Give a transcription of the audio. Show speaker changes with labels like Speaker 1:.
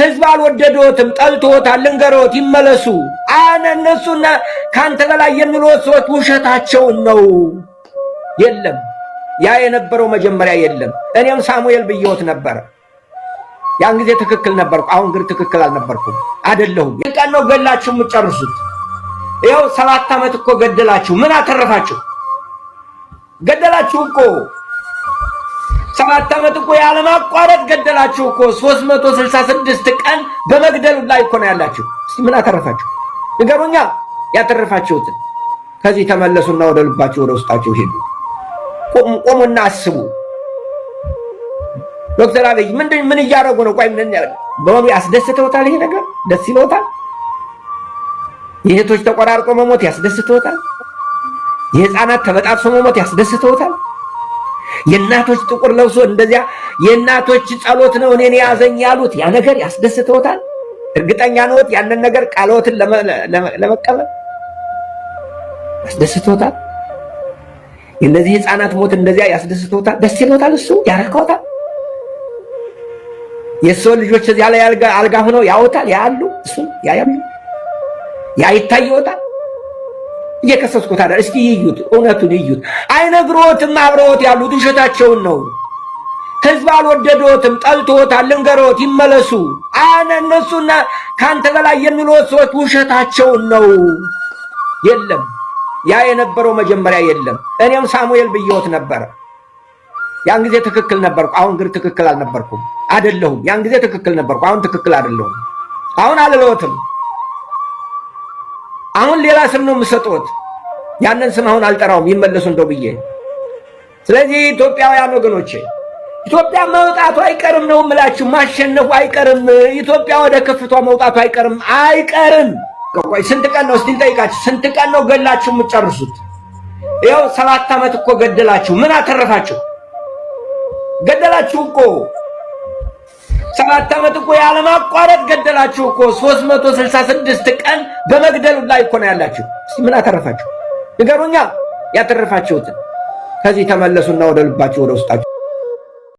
Speaker 1: ህዝብ አልወደዶትም፣ ጠልቶታል። ልንገሮት ይመለሱ። አነ እነሱና ከአንተ በላይ የሚሉት ሰዎች ውሸታቸውን ነው። የለም ያ የነበረው መጀመሪያ የለም። እኔም ሳሙኤል ብየወት ነበረ። ያን ጊዜ ትክክል ነበርኩ። አሁን ግን ትክክል አልነበርኩም፣ አደለሁም። የቀን ነው ገላችሁ የምትጨርሱት። ይኸው ሰባት ዓመት እኮ ገደላችሁ። ምን አተረፋችሁ? ገደላችሁ እኮ ሰባት ዓመት እኮ ያለማቋረጥ ገደላችሁ እኮ 366 ቀን በመግደል ላይ እኮ ነው ያላችሁ። እስቲ ምን አተረፋችሁ ንገሩኛ። ያተረፋችሁትን ከዚህ ተመለሱና ወደ ልባችሁ ወደ ውስጣችሁ ሄዱ። ቆሙና አስቡ። ዶክተር አብይ ምንድን ምን እያደረጉ ነው? ቆይ ምን በሆኑ ያስደስተውታል? ይሄ ነገር ደስ ይለውታል? የእህቶች ተቆራርጦ መሞት ያስደስተውታል? የህፃናት ተበጣጥሶ መሞት ያስደስተውታል? የእናቶች ጥቁር ለብሶ እንደዚያ የእናቶች ጸሎት ነው እኔን ያዘኝ ያሉት ያ ነገር ያስደስተውታል? እርግጠኛ ነዎት? ያንን ነገር ቃልዎትን ለመቀበል ያስደስተውታል? የእነዚህ ህፃናት ሞት እንደዚያ ያስደስተውታል? ደስ ይለውታል? እሱ ያረካውታል? የሰው ልጆች እዚያ ላይ አልጋ ሆነው ያውታል ያሉ እሱ ያያሉ ያ ይታየውታል እየከሰስኩ ታዲያ እስኪ ይዩት፣ እውነቱን ይዩት። አይነግሮትም፣ አብረውት ያሉት ውሸታቸውን ነው። ህዝብ አልወደዶትም፣ ጠልቶታል። ልንገሮት፣ ይመለሱ። አነ እነሱና ከአንተ በላይ የሚሉት ሰዎች ውሸታቸውን ነው። የለም ያ የነበረው መጀመሪያ የለም። እኔም ሳሙኤል ብየወት ነበረ። ያን ጊዜ ትክክል ነበርኩ፣ አሁን ግን ትክክል አልነበርኩም፣ አደለሁም። ያን ጊዜ ትክክል ነበርኩ፣ አሁን ትክክል አደለሁም። አሁን አልለወትም። አሁን ሌላ ስም ነው የምሰጡት። ያንን ስም አሁን አልጠራውም ይመለሱ እንደው ብዬ። ስለዚህ ኢትዮጵያውያን ወገኖቼ ኢትዮጵያ መውጣቱ አይቀርም ነው የምላችሁ። ማሸነፉ አይቀርም። ኢትዮጵያ ወደ ከፍቷ መውጣቱ አይቀርም አይቀርም። ቆይ ስንት ቀን ነው እስቲ ልጠይቃችሁ፣ ስንት ቀን ነው ገላችሁ የምትጨርሱት? ይኸው ሰባት ዓመት እኮ ገደላችሁ። ምን አተረፋችሁ? ገደላችሁ እኮ ሰባት ዓመት እኮ ያለማቋረጥ ገደላችሁ እኮ 366 ቀን በመግደሉ ላይ እኮ ነው ያላችሁ። እስቲ ምን አተረፋችሁ ንገሩኛ። ያተረፋችሁትን ከዚህ ተመለሱና ወደ ልባችሁ ወደ ውስጣችሁ